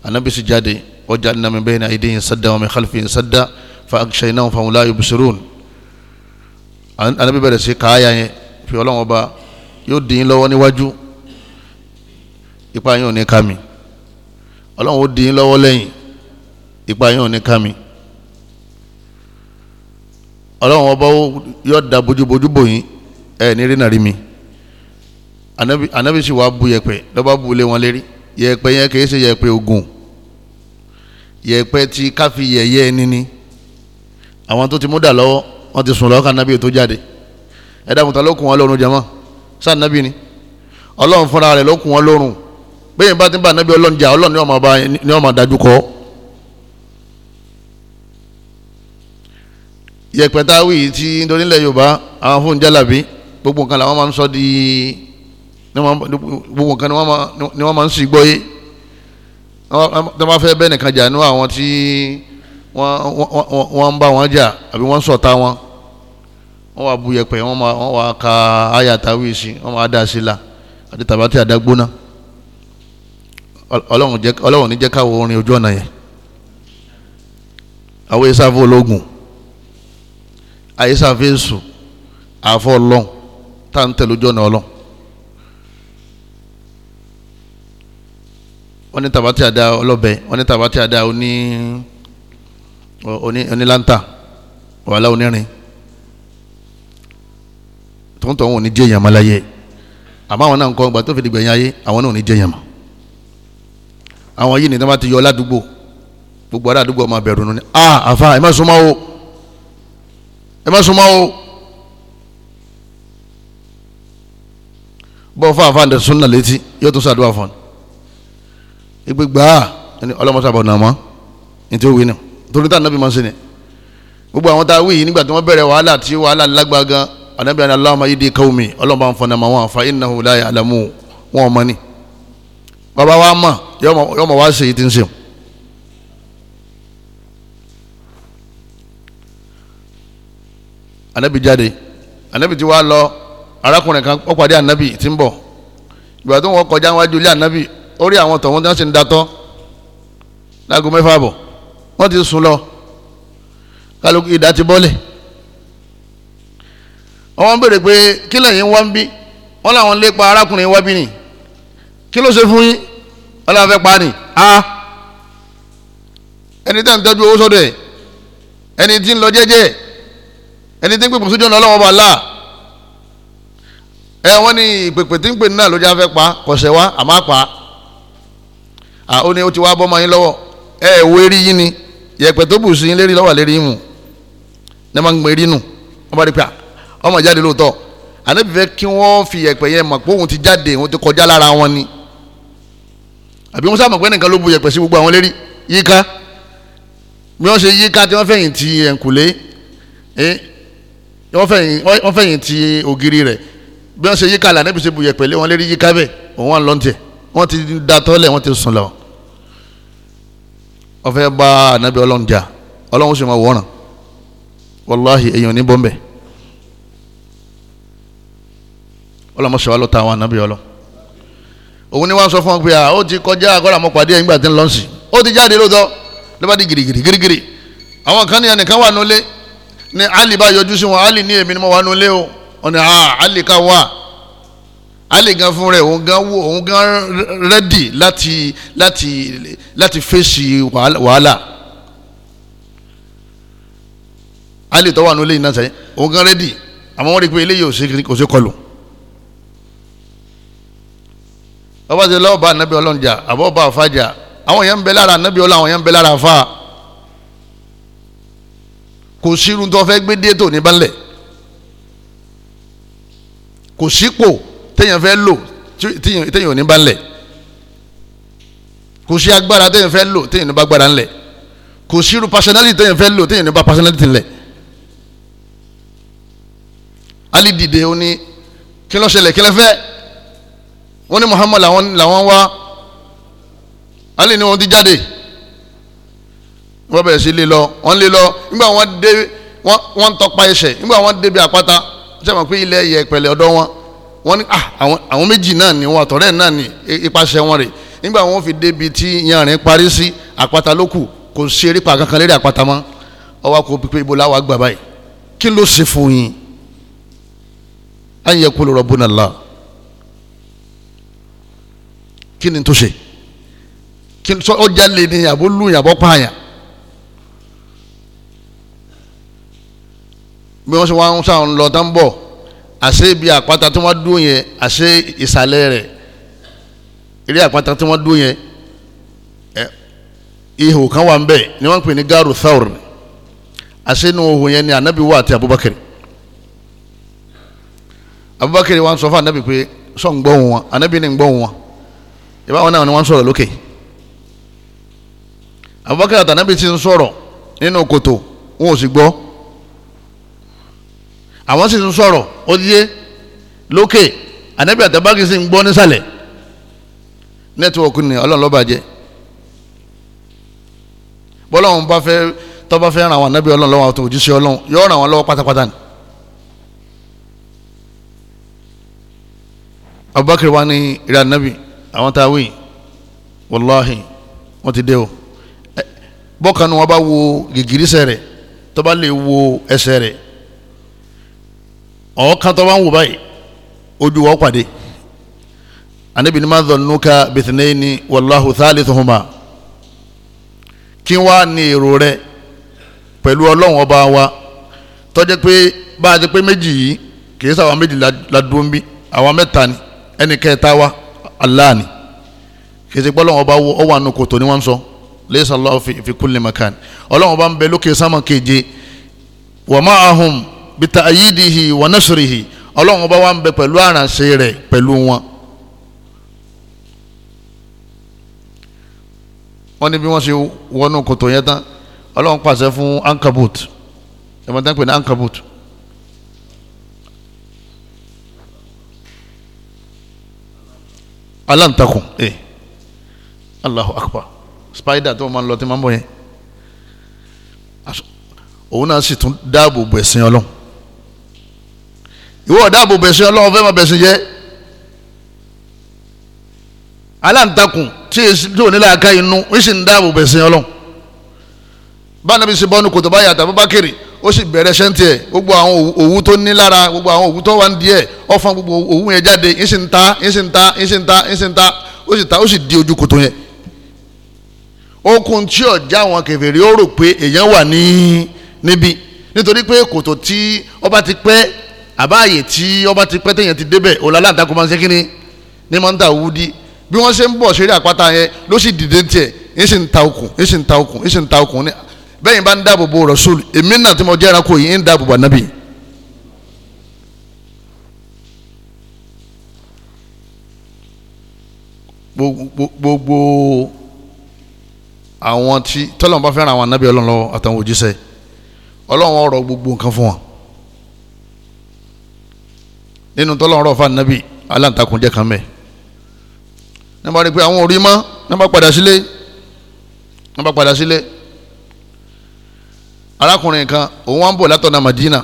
[SPEAKER 1] ànábì sì jáde ó jáde náà min bayna aydihim sadda wa min khalfihim sadda fa aghshaynahum fahum la yubsirun ànábì bẹ̀rẹ̀ sí káyà yẹn fi ọlọ́run bá yóò dín in níwájú ipa yín ò ní ká mi ọlọ́run ó di yín lọ́wọ́ lẹ́yìn ipa yín ò ní ká mi ọlọ́run ọba yóò da bójúbójú bò yín ẹ ní rí nàrí mi anabi anabi sì wá bu yẹ̀pẹ̀ lọ́ba bu lé wọn lérí yẹ̀pẹ̀ yẹn kì í ṣe yẹ̀pẹ̀ ogun yẹ̀pẹ̀ tí káfí yẹ̀yẹ́ ẹni ni àwọn tó ti mú dà lọ́wọ́ wọ́n ti sùn lọ́wọ́ ká nábì tó jáde ẹ̀dá mùtá ló kùn wọn lọ́rùn jẹ́mọ́ sáà nábì ni ọlọ́run fúnra rẹ̀ ló kùn wọn lọ́rùn bẹ́ẹ̀ bá ti ń bá anabi ọlọ́run jà ọlọ́run ni wọ́n máa bá ni wọ́n máa dájú kọ́. yẹpẹtawi ti nítorí ilẹ̀ yorùbá àwọn fóun jálàbí gbogbo nǹkan làwọn máa ń sọ di gbogbo nǹkan ni wọ́n máa ń sì gbọ́ yé tó bá fẹ́ bẹ́ẹ̀ nìkan jà nínú àwọn tí wọ́n ń bá wọn jà àbí wọ́n ń ṣọ̀tá wọn wọ́n wá bu yẹpẹ wọ́n wá ka ayatawi sí wọ́n wá dá sí la àti tàbátì àdágbóná ọlọ́run jẹ́ ọlọ́run ní jẹ́ káwọ orin ojú ọ̀nà yẹn àwọn ìsáfẹ́ ológun àyíṣàfẹ́ èṣù àfọ́ ọlọ́run tá à ń tẹ̀ lójú ọ̀nà ọlọ́run wọ́n ní tàbátì àdá ọlọ́bẹ wọ́n ní tàbátì àdá oní oní onílántà wàhálà onírin tòun tòun ò ní jẹ́ ìyàmọ́ láyé àmọ́ àwọn náà ń kọ́ ọgbà tó fi dìgbẹ̀yìn ayé àwọn náà ò ní jẹ́ ìyàmọ́ àwọn yìí ní tí wọ́n bá ti yọ ládùúgbò gbogbo ará àdúgbò ọmọ abẹ̀rù ni a ah, àfa ẹ má súnmọ́ o ẹ má súnmọ́ o bọ́ fún àfa àǹdẹ̀ súnà létí yóò tún sàdúrà fún un ìgbé gbàá ẹni ọlọ́mọsàbọ̀ nà mọ́ ní tí ó wí ni torí tá ànábì máa ń sè ni gbogbo àwọn tá a wí yìí nígbà tí wọ́n bẹ̀rẹ̀ wàhálà tí wàhálà lágbàá gan ànábì àni Allahumma yìí di kaumi ọlọ́mọ àǹfọ̀nàmọ́ wọn àfa innahu la ya'lamu wọn ọmọ ni bàbá wa mọ̀ yọ mọ̀ wá sí i ti ń sìn. anabi jáde anabi ti wá lọ arákùnrin kan ó pàdé anabi tí ń bọ̀ ìgbà tó wọ́n kọjá wájú ilé anabi ó rí àwọn tọ̀hún tí wọ́n sì ń datọ́ láago mẹ́fà bọ̀ wọ́n ti sùn lọ kálukú ìdá ti bọ́lẹ̀ wọ́n wọ́n béèrè pé kí lẹ́yìn wá ń bí wọ́n láwọn lépa arákùnrin wá bí nìyí kí ló ṣe fún yín ọlọ́run fẹ́ pa ni a ẹni tẹ́ ń tọ́jú owó sọ́dọ̀ ẹ̀ ẹni tí ń lọ jẹ́jẹ́ ẹni tí ń pèpè sójú ọ̀nà ọlọ́wọ́ bá là ẹ wọ́n ní ìpèpè tí ń pè náà lójú afẹ́ pa kọ̀ṣẹ́ wa àmọ́ pa à ó ní ó ti wá bọ́ ọmọ yín lọ́wọ́ ẹ wo eré yín ni yẹ̀pẹ̀ tó bù sí yín lérí lọ́wọ́ lérí yín mu ní wọ́n máa ń gbé eré nù wọ́n bá rí pa ọmọ jáde lóòótọ́ ànábìfẹ́ kí wọ́n fi yẹ̀pẹ̀ yẹn mọ̀ pé òun ti jáde òun ti kọjá lára wọn ni àbí wọ́n sábà pé nìkan ló bu yẹ̀pẹ̀ sí gbogbo àwọn lérí yíká bí wọ́n ṣe yíká tí wọ́n fẹ̀yìn ti ẹ̀ǹkùlé wọ́n fẹ̀yìn ti ògiri rẹ̀ bí wọ́n ṣe yíká là níbi ṣe bu yẹ̀pẹ̀ lé wọn lérí yíká bẹ́ẹ̀ òun wà lọ́ntẹ̀ wọ́n ti da tọ́lẹ̀ wọ́n ti sùn lọ. wọ́n fẹ́ bá ànábì ọlọ́run jà ọlọ́run sì máa wọ̀ràn wàláhì èèyàn ní bọ́m̀bẹ̀ ọlọ́mọṣẹ́ wa ló ta òun ni wọ́n sọ fún ọ pé à ó ti kọjá àgọ́rà mọ́ pàdé ẹ̀yìn gbà tí ń lọ́ọ̀sì ó ti jáde lóòótọ́ ló bá di gìrìgìrì gìrìgìrì àwọn kan ní ẹnìkan wà nulẹ̀ ni Ali bá yọjú sí wọn Ali ní èmi ni mo wà nulẹ̀ o ọ̀nà à Ali ká wà Ali gan fún rẹ̀ òun gan wò òun gan rẹ́dì láti láti láti fèsì wàhálà Ali tó wà nulẹ̀ yìí náà sẹ́yìn òun gan rẹ́dì àmọ́ wọ́n rí i pé eléyìí ò sí kọlù bàbá ti lọ́wọ́ bá anabi ọlọ́run jà àbọ̀ bá afa jà àwọn yẹn ń bẹ lára anabi ọlọ́run àwọn yẹn ń bẹ lára afa kò sírun tó fẹ́ gbé déètò ní balẹ̀ kò sípò téèyàn fẹ́ lò téèyàn ò ní balẹ̀ kò sí agbára téèyàn fẹ́ lò téèyàn ní bá ńlẹ̀ kò sírun personality téèyàn fẹ́ lò téèyàn ní bá personality ńlẹ̀ alidide ó ní kí ló fẹ́ wọ́n ní Muhammad làwọn làwọn wá Ali ni wọ́n ti jáde wọ́n bẹ̀rẹ̀ sí lé lọ wọ́n lé lọ nígbà wọ́n dé wọ́n ń tọpa ẹsẹ̀ nígbà wọ́n débi àpáta ṣe mọ̀ pé ilẹ̀ yẹ pẹ̀lẹ́ ọ̀dọ́ wọn wọ́n ní àwọn méjì náà ni wọn àtọ̀rẹ́ náà ni ipasẹ̀ wọn rè nígbà wọ́n fi débi tí yanrìn parí sí àpáta ló kù kò sí erépa kankan lérí àpáta mọ́ ọwọ́ kò pípé ibo láwa gbà báyìí kí ló ṣe fún yín ayẹ̀kú lọ́rọ̀ bó nàlá kí ni tó ṣe kí ni sọ ọjà lè ní yàbó lù yàbó pààyàn bí wọ́n ṣe wá ń sàn lọ tán bọ̀ àṣé ibi àpáta tí wọ́n dún yẹn àṣé ìsàlẹ̀ rẹ̀ eré àpáta tí wọ́n dún yẹn ihò kan wà ń bẹ̀ ni wọ́n ń pè ní garu thaur àṣé inú ohun yẹn ni anabi wà àti abubakar abubakar wa ń sọ fún anabi pé sọ ń gbọ́ wọn anabi ni ń gbọ́ wọn ìbáwọn náà ni wọ́n ń sọ̀rọ̀ lókè Abubakar àtànábì ti ń sọ̀rọ̀ nínú kòtò wọn ò sì gbọ́ àwọn sì ń sọ̀rọ̀ ó yé lókè ànábì àtàbákì sì ń gbọ́ nísàlẹ̀ nẹ́tíwọ̀kì ni ọlọ́run ló bàjẹ́ bọ́lọ́run bá fẹ́ tó bá fẹ́ ràn àwọn ànábì ọlọ́run àti òjíṣẹ́ ọlọ́run yóò ràn wọ́n lọ́wọ́ pátápátá ni. Abubakar wa ni ìrẹ́ àwọn tá a wí wàláhì wọ́n ti dé o bọ́kànnù wọn bá wo gìgírísẹ̀ rẹ̀ tó bá lè wo ẹsẹ̀ rẹ̀ ọ̀ọ́kan tó bá ń wò báyìí ojú wọn pàdé anabi ni ma dhannuka bithnayni wallahu thalithuhuma kí wàá ní èrò rẹ pẹ̀lú ọlọ́run ọba wa tó jẹ́ pé bá pé méjì yìí kì í sáwọn méjì la dúró bí àwọn mẹ́ta ni ẹnì kẹta wa. Allah ni kìsì pé ọlọ́run ọba ọ wà nù kòtò ni wọ́n ń sọ laysa Allahu fi kulli makan ọlọ́run ọba ń bẹ lókè sámà keje wa ma'ahum bi ta'yidihi wa nasrihi ọlọ́run ọba wa ń bẹ pẹ̀lú àrànṣe rẹ̀ pẹ̀lú wọn. wọ́n ní bí wọ́n ṣe wọnú kòtò yẹn tán ọlọ́run pàṣẹ fún ankabut ẹ̀mọ́tán pè ní ankabut aláǹtakùn ẹ eh. Allahu Akbar spider tó máa ń lọ tí máa ń bọ̀ yẹn òun náà sì tún dáàbò bò ẹ̀sìn ọlọ́run ìwọ dáàbò bò ẹ̀sìn ọlọ́run fẹ́ máa bẹ̀sìn jẹ́ aláǹtakùn tí èsì tó aka inú ń sì ń dáàbò bò ẹ̀sìn ọlọ́run bá nàbí sí bọ́ọ̀nù kòtò báyà tàbí bá kiri ó sì bẹ̀rẹ̀ sẹ́ńtì gbogbo àwọn òwú tó ní lára gbogbo àwọn òwú tó wà ní díẹ̀ ó fọ́n gbogbo òwú yẹn jáde ń sì ń ta ń sì ń ta ń sì ń ta ń sì ń ta ó sì ta ó sì di ojú kòtò yẹn okun tí ọ̀já àwọn kèfèrí ó rò pé èèyàn wà ní níbi nítorí pé kòtò tí ọba ti pẹ́ àbáàyè tí ọba ti pẹ́ téèyàn ti débẹ̀ òlàlá àtàkùn máa ń ṣe ní máa ń ta òwú di bí wọ́n ṣe ń bọ̀ ṣeré àpáta yẹn ló sì dìde tiẹ̀ ń sì ń ta okùn ń sì ń ta okùn ń sì ń ta okùn ní bẹ́ẹ̀ bá ń dáàbò bo rasul èmi náà tí mo jẹ́ ẹranko yìí ń dáàbò bo anabi. gbogbo àwọn tí tọ́lọ̀ bá fẹ́ràn àwọn anabi ọlọ́run lọ́wọ́ àtàwọn òjíṣẹ́ ọlọ́run ọ̀rọ̀ gbogbo nǹkan fún wọn nínú tọ́lọ̀ ọ̀rọ̀ fún anabi aláǹtakùn jẹ́ kan mẹ́ nígbà rí i pé àwọn ò rí mọ́ nígbà padà sílé nígbà padà sílé arákùnrin kan òun wá ń bọ̀ látọ̀nà Madina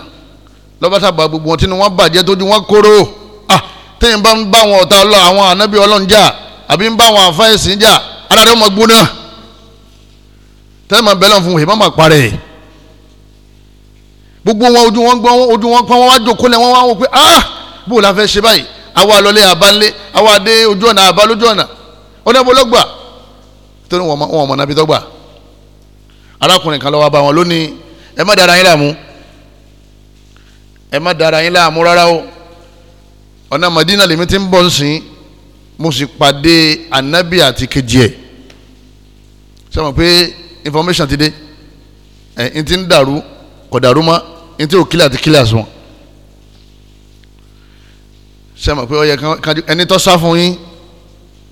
[SPEAKER 1] lọ́bàtàbà gbogbo wọn tí wọ́n bàjẹ́ tójú wọn kóró ah téèyàn bá ń bá àwọn ọ̀tá ọlọ́ àwọn ànábì ọlọ́run jà àbí ń bá àwọn àfáìsìn jà alárẹ́ ọmọ gbóná tẹ́lẹ̀ máa bẹ́ẹ̀ lọ́n fún wèé má máa parẹ́ gbogbo wọn ojú wọn gbọ́n ojú wọn pọ́n wọn wá jókòó lẹ̀ wọ́n wá wò pé ah bó o la fẹ́ ṣe báyìí àwa lọlé àbálé àwa dé ojú ọ̀nà àbálójú ọ̀nà ọ̀nà ìbọ̀lọ́gbà torí wọn arákùnrin kan ló wá bá wọn lónìí ẹ má dara yín láàmú ẹ má dara yín láàmú rárá o ọ̀nà Madina lèmi ti ń bọ̀ nsìn mo sì pàdé anabi àti kejì ẹ̀ sọ ma pé information ti dé ẹ̀ n ti ń dàrú kò dàrú mọ́ n ti ò kílẹ̀ àti kílẹ̀ àsùnwọ̀n sọ ma pé ẹni tó sá fún yín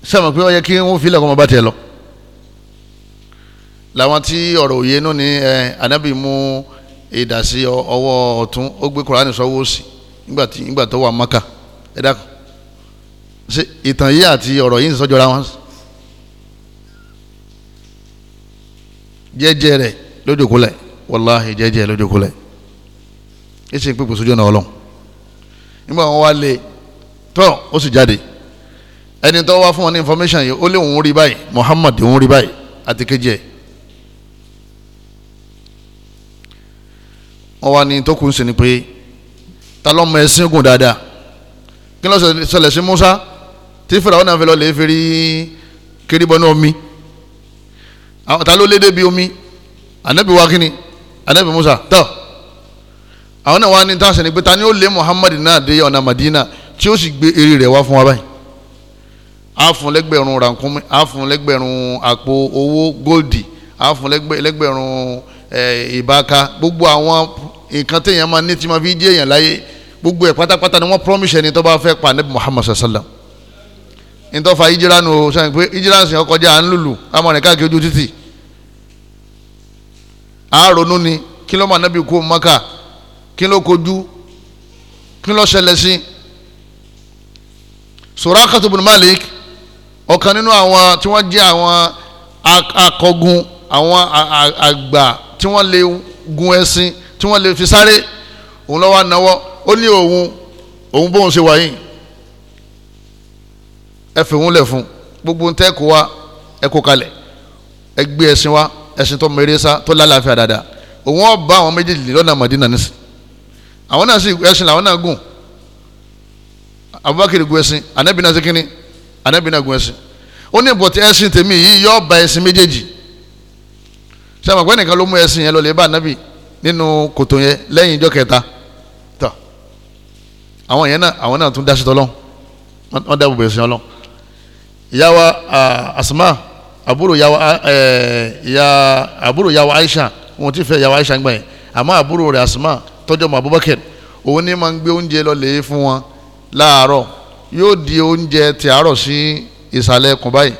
[SPEAKER 1] sọ ma pé ó yẹ kí wọ́n fi ilẹ̀ kọ́ ọmọ bá tiẹ̀ lọ làwọn tí ọ̀rọ̀ òye inú ni ẹ anabi mú ìdásí ọwọ́ ọ̀tún ó gbé kuraani sọ́wọ́ sí nígbà tó wà maka ẹ dákun ṣe ìtàn yìí àti ọ̀rọ̀ yìí ń sọ́jọ́ra wọn jẹ́jẹ́ rẹ̀ lójókòólẹ̀ wàláhì jẹ́jẹ́ lójókòólẹ̀ yìí ṣe pípò sójú ọ̀nà ọlọ́run nígbà wọn wá lé tọ́ ó sì jáde ẹni tó wá fún wọn ní information yìí ó lé òun rí báyìí Muhammad òun rí báyìí àti kejì ẹ̀ wọ́n wá ní tó kù ń sìn ni pé ta lọ́mọ ẹ̀sìn gùn dáadáa kí ló ṣẹlẹ̀ sí Musa tí Fáráò náà fi lọ lè fi rí kiri omi ta ló lé débi omi anabi wa kini anabi Musa tọ́ àwọn náà wá ní tàṣẹ ni pé ta ni ó lé Muhammad náà dé ọ̀nà Madina tí ó sì gbé eré rẹ̀ wá fún wa báyìí àfúnlẹ́gbẹ̀rún rànkúnmi àfúnlẹ́gbẹ̀rún àpò owó góòdì àfúnlẹ́gbẹ̀rún ìbáka gbogbo àwọn nǹkan téèyàn máa ní tí máa fi jẹ́ èèyàn láyé gbogbo ẹ̀ pátápátá ni wọ́n promise ẹni tó bá fẹ́ pa nebi muhammad sallam ntọ́fà ìjírá nu o sọ pé ìjírá sìn ọkọjá à ń lùlù amọ̀rìn káàkiri ojú títì àárọ̀nù ni kí ló máa nábì kú mọ́kà kí ló kojú kí ló ṣẹlẹ̀ sí. Suraqah ibn Malik ọ̀kan nínú àwọn tí wọ́n jẹ́ àwọn akọgun àwọn àgbà tí wọ́n lè gun ẹṣin tí wọ́n lè fi sáré òun lọ́wọ́ náwọ́ ó ní òun òun bóun ṣe wà yìí ẹ fi òun lẹ̀ fún gbogbo ń tẹ́ kó wa ẹ kó kalẹ̀ ẹ gbé ẹ̀sìn wa ẹ̀sìn tó mèrè sá tó lálàáfíà dáadáa òun ọ̀ bá àwọn méjèèjì lọ́nà Mádínà nísìn àwọn náà sì ẹ̀sìn làwọn náà gùn Abubakar gun ẹ̀sìn Ànábì náà ṣe kínní Ànábì náà gun ẹ̀sìn ó ní bọ̀tí ẹ̀sìn tèmi yìí yọ ọba ẹ̀sìn méjèèjì sẹ́wọ̀n pẹ́ ló mú ẹ̀sìn yẹn lọ lè bá Ànábì nínú kòtò yẹn lẹ́yìn ìjọ kẹta tọ àwọn yẹn náà àwọn náà tún dá sítọ́ lọ́hùn wọ́n dá bùbẹ̀ sí ọlọ́hùn ìyá wa Asma àbúrò ìyá wa ìyá àbúrò ìyá Aisha wọn ti fẹ́ ìyá Aisha gbà yẹn àmọ́ àbúrò rẹ̀ Asma tọ́jú ọmọ Abubakar òun ní máa ń gbé oúnjẹ lọ lè fún wọn láàárọ̀ yóò di oúnjẹ tí àárọ̀ sí ìsàlẹ̀ ẹkùn báyìí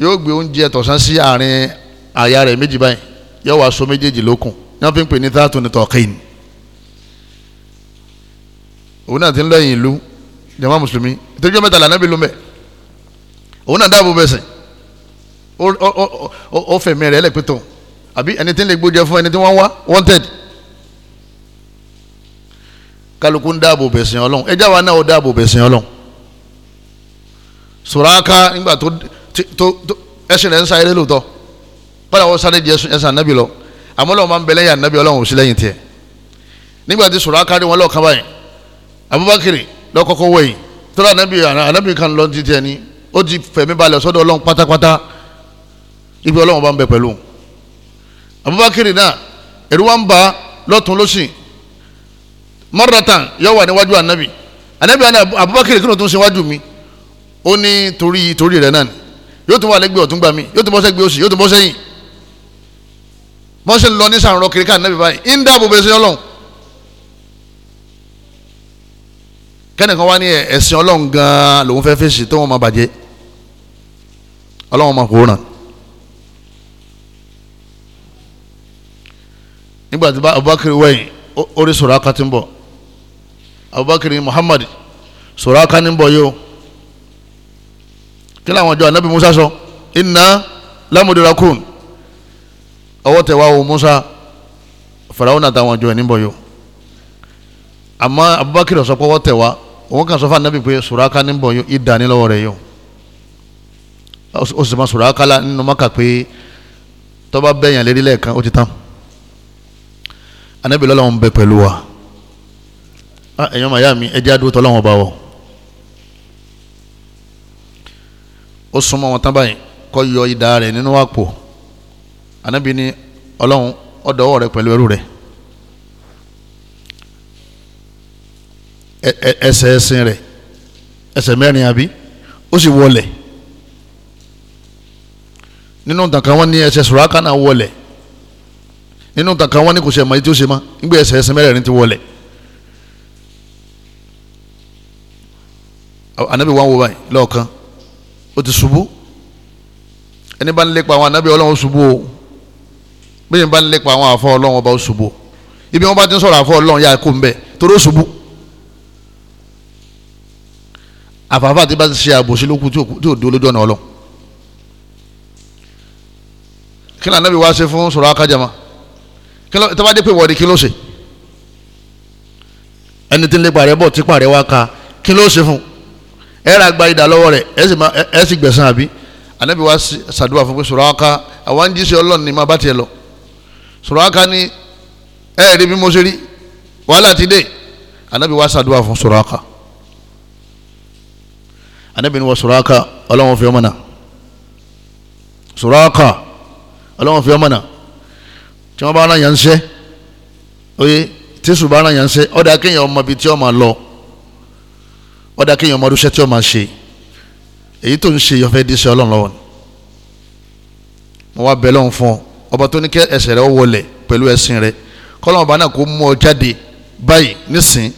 [SPEAKER 1] yóò gbé oúnjẹ tọ̀sán sí àárín àyà rẹ̀ méjì báyìí yóò wá so méjèèjì lókun ní wọ́n fi ń pè ní tààtù ní tọ́kìn òun náà ti ń lẹ́yìn ìlú jama mùsùlùmí ìtọ́jú mẹ́ta lànà bí lómẹ́ òun náà dáàbò bẹ̀sẹ̀ ó fẹ̀mí rẹ̀ lẹ́pẹ̀tọ̀ àbí ẹni tí ń lè gbójú ẹ fún ẹni tí wọ́n wá wanted kálukú ń dáàbò bẹ̀sìn ọlọ́run ẹjá wa náà ó dáàbò bẹ̀sìn ọlọ́run Sùrákà nígbà tó ẹsẹ̀ rẹ̀ ń sáré lóòótọ́ kọ́lá wọ́n sáré di ẹsẹ̀ ànábì lọ àmọ́ lọ́wọ́ máa ń bẹ lẹ́yìn ànábì ọlọ́run ò sí lẹ́yìn tiẹ̀ nígbà tí sọ̀rọ̀ akárí wọn lọ́ọ̀kan báyìí Abubakar lọ́kọ́kọ́ wẹ̀yìn tọ́lá ànábì ànábì kan lọ́ọ́ ti tiẹ̀ ni ó ti fẹ̀mí balẹ̀ sọ́dọ̀ ọlọ́run pátápátá ibi ọlọ́run bá ń bẹ pẹ̀lú Abubakar náà ẹ̀rú wa ń ba lọ́tún lọ́sìn maratan yóò wà níwájú ànábì ànábì àná Abubakar kí ló tún ṣe wájú mi ó ní torí torí rẹ̀ náà yóò tún wà lẹ́gbẹ̀ẹ́ ọ̀tún bọ́n ṣe ń lọ ní sàrànrọ kiri ká nẹ́bí báyìí ń dáàbò bẹ̀rẹ̀ sí ọlọ́run kẹ́nìkan wá ní ẹ̀sìn ọlọ́run gan-an lòun fẹ́ fèsì tó wọ́n máa bàjẹ́ ọlọ́run máa kó ràn. nígbà tí Abubakar wẹ̀yìn orí Suraka ti ń bọ̀ Abubakar Muhammad Suraka ní ń bọ̀ yìí o kí làwọn ọjọ́ anabi Musa sọ inna lamudurakun ọwọ́ tẹ̀ wá wo Musa Fáráò àtàwọn ọjọ́ ẹ̀ níbọ̀ yó àmọ́ Abubakar sọ pé ọwọ́ tẹ̀ wá òun kàn sọ fún anabi pé Suraka níbọ̀ yó idà ní lọ́wọ́ rẹ̀ yó ó sì máa Suraka la nínú maka pé tọ́ba bẹ̀yàn lérí lẹ́ẹ̀kan ó ti tán anabi lọ́la ń bẹ pẹ̀lú wa ẹ̀yọ́ màyá mi ẹjẹ́ àdúró tọ́lá wọn bá wọ̀ ó súnmọ́ wọn tán báyìí kọ́ yọ idà rẹ̀ nínú àpò. anabi ni ọlọ́run ọdọọwọ rẹ pẹ̀lú ẹrú rẹ ẹsẹ̀ ẹsìn rẹ ẹsẹ̀ mẹ́rin abi ó sì wọlẹ nínú tàǹkà wọn ní ẹsẹ̀ sùràkà náà wọlé nínú tàǹkà wọn ní kò ti wọlẹ anabi wọn wo báyìí lọ́ọ̀kan ó ti ṣubú anabi ṣubú o. bẹ́ẹ̀ bá ń lépa àwọn àfọ ọlọ́run ọba ṣubú ibi wọn bá ti ń sọ̀rọ̀ àfọ ọlọ́run yà kó ń bẹ̀ torí ó ṣubú àfààfà àti bá ti ṣe àbòsí lókun tí ò dé olójú ọ̀nà ọlọ́run kí ni ànábì wá ṣe fún sọ̀rọ̀ akájàmá tí wọ́n bá dé pé wọ́ọ̀dì kí ló ṣe ẹni tí ń lépa rẹ̀ bọ̀ tí pàrẹ̀ wá ka kí ló ṣe fún ẹ ra gba ìdá lọ́wọ́ rẹ̀ ẹ sì gbẹ̀san àbí ànábì wá ṣàdúrà fún pé sọ̀rọ̀ aká àwọn jíṣẹ́ ọlọ́run ni máa bá tiẹ̀ lọ Suraka ni ẹ rí bí mo ṣe rí wàhálà ti dé anabi wa ṣàdúrà fún Suraka anabi ni wọ Suraka ọlọ́wọ́n fi ọmọ náà Suraka ọlọ́wọ́n fi ọmọ náà tí wọ́n bá ara yàn ń ṣe oye tíṣù bá ara yàn ń ṣe ọ̀dà kéèyàn ọmọ bíi tí ọmọ lọ ọ̀dà kéèyàn ọmọ ọdúnṣẹ́ tí ọmọ ṣe èyí tó ń ṣe yọ̀fẹ́ díṣẹ́ ọlọ́run lọ́wọ́ ni mo wá bẹ̀ lọ́hùn fún ọ ọba tó ní kí ẹsẹ̀ rẹ wọlẹ̀ pẹ̀lú ẹ̀sìn rẹ kọ́lọ́mù ọba náà kó mú ọ jáde báyìí nísìn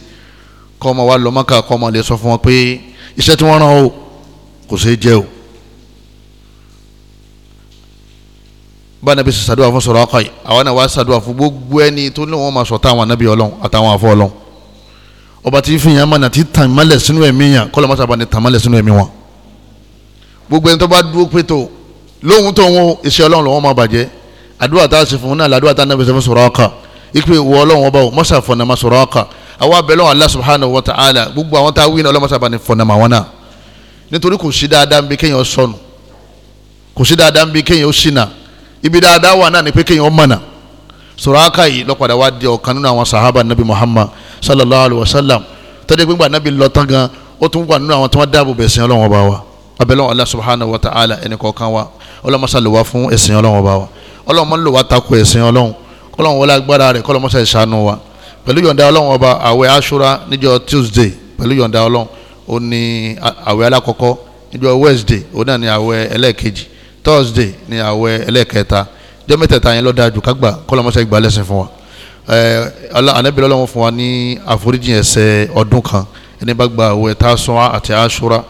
[SPEAKER 1] kọ́ ọmọ wa lọ mọ́kà kọ́ ọmọ lè sọ fún wọn pé iṣẹ́ tí wọ́n rán o kò ṣeé jẹ́ o. bá anabi sè sàdúrà fún sọ̀rọ̀ ọkọ̀ yìí àwọn náà wá sàdúrà fún gbogbo ẹni tó ní wọn máa sọ táwọn anabi ọlọ́run àtàwọn àfọ ọlọ́run ọba tí fi yàn máa nà ti tàn mọ́lẹ̀ sínú ẹ̀mí yàn kọ́lọ́ mọ́sàbà ni tàn mọ́lẹ̀ sínú ẹ̀mí wọn gbogbo ẹni tó bá dúró pé tó lóhun tó wọn iṣẹ́ ọlọ́run lọ́wọ́ máa bàjẹ́ àdúrà tá a ṣe fún náà làdúrà tá a nàbẹ̀sẹ̀ fún Suraqa ipe wọ ọlọ́run ọba o mọ́sà fọ̀nàmà Suraqa àwa bẹ̀ lọ́wọ́ Allah subhanahu wa ta'ala gbogbo àwọn tá a wí náà ọlọ́mọ́sà bá ní fọ̀nàmà wọn náà nítorí kò sí dáadáa bí kéèyàn sọnù kò sí dáadáa bí kéèyàn ṣìnà ibi dáadáa wà náà ni pé kéèyàn mọ̀nà Suraqa yìí lọ́padà wá di ọ̀kan nínú àwọn sahaba nabi Muhammad sallallahu alayhi wa sallam tọ́jú pé gbà nabi lọ tán gan ó tún wà nínú àwọn tí wọ́n dáàbò bẹ̀sìn ọlọ́run ọba wa abẹ́lẹ́wọ̀n Allah subhanahu wa ta'ala ẹnì kọ̀ọ̀kan wa ọlọ́mọṣàlùwà fún ẹ̀sìn ọlọ́run ọba wa ọlọ́run máa ń lò wá takò ẹ̀sìn ọlọ́run kọ́lọ́run wọlé agbára rẹ̀ kọ́lọ́run mọ́sá ìṣàánú wa pẹ̀lú yọ̀ǹda ọlọ́run ọba àwẹ̀ aṣọra níjọ́ tuesday pẹ̀lú yọ̀ǹda ọlọ́run ó ní àwẹ̀ alákọ̀ọ́kọ́ níjọ́ wednesday ó náà ní àwẹ̀ ẹlẹ́ẹ̀kejì thursday ní àwẹ̀ ẹlẹ́ẹ̀kẹta jọ́ mẹ́tẹ̀ẹ̀ta yẹn lọ́dà jù kágbà kọ́lọ́run mọ́sá ìgbà lẹ́sìn fún wa ànábì ọlọ́run fún wa ní àforíjì ẹ̀ṣẹ̀ ọdún kan ẹni bá gba àwẹ̀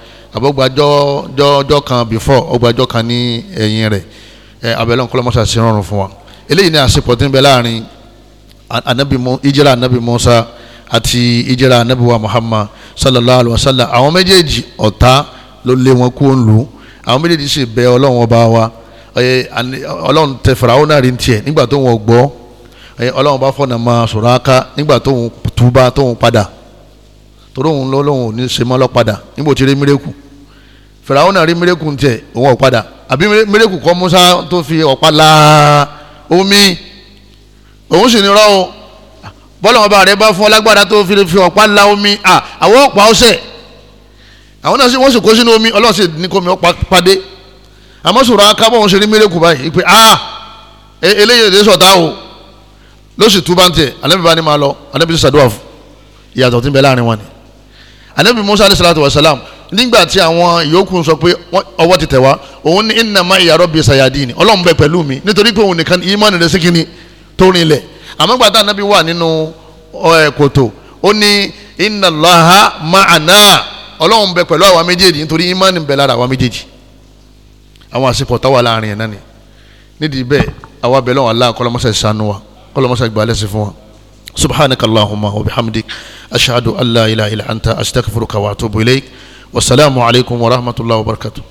[SPEAKER 1] before ọgbàjọ́ kan ní ẹ̀yìn abẹ́lẹ́ nkọ́lọ́mọṣà sí rọrùn fún wa eléyìí ni àṣepọ̀ tí ń bẹ láàrin ìjírà anabi musa àti ìjírà anabi wa muhammad sallallahu alayhi wa sallam àwọn méjèèjì ọ̀tá ló lé wọn kú ń lù ú àwọn méjèèjì sì bẹ ọlọ́run ọba wa ọlọ́run tẹ faraó náà rí tiẹ̀ nígbà tó wọn gbọ́ ọlọ́run bá fọ̀nà máa sọ̀rọ̀ aká nígbà tó wọn túbà tó wọn padà torí òun lọ́lọ́run ò ní fìràwọn náà rí mírèkù tiẹ̀ òun ọ̀padà àbí mírèkù kọ́ Musa tó fi ọ̀pá la omi òun sì ní rọ́ o bọ́lá ọba rẹ bá fún ọ tó fi fi la omi à àwọn ọ̀pá ọ̀sẹ̀ àwọn náà wọ́n sì kó sínú omi ọlọ́run sì ní kó mi ọ̀pá padé àmọ́ akábọ̀ òun ṣe rí mírèkù báyìí pé ah e-, eléyìí èdè sọ̀tá o ló sì túbà ń tiẹ̀ alẹ́ mi bá ní máa lọ alẹ́ mi ti ṣàdúrà fún ìyàtọ̀ tí ń bẹ láàrin wọn ni alẹ́ Musa alayhi salatu wa salam nígbà tí àwọn ìyókù sọ pé ọwọ́ ti tẹ̀ wá òun ní innama ya rabbi sayadini ọlọ́run bẹ pẹ̀lú mi nítorí pé òun nìkan ìmánì rẹ̀ sí kínní tó rinlẹ̀ àmọ́ gbàtà nàbí wà nínú kòtò ó ní inna Allaha ma'ana ọlọ́run bẹ pẹ̀lú àwa méjèèjì nítorí ìmánì bẹ lára àwa méjèèjì àwọn àsìkò táwa láàrin ẹ̀ náà ni nídìí bẹ́ẹ̀ àwa bẹ̀ lọ́wọ́ Allah kọ́lọ́mọ́sẹ̀ ṣàánú wa kọ́lọ́mọ́sẹ̀ gbà lẹ́sìn fún wasalaamualeykum wa rahmatulahi wa barakatu.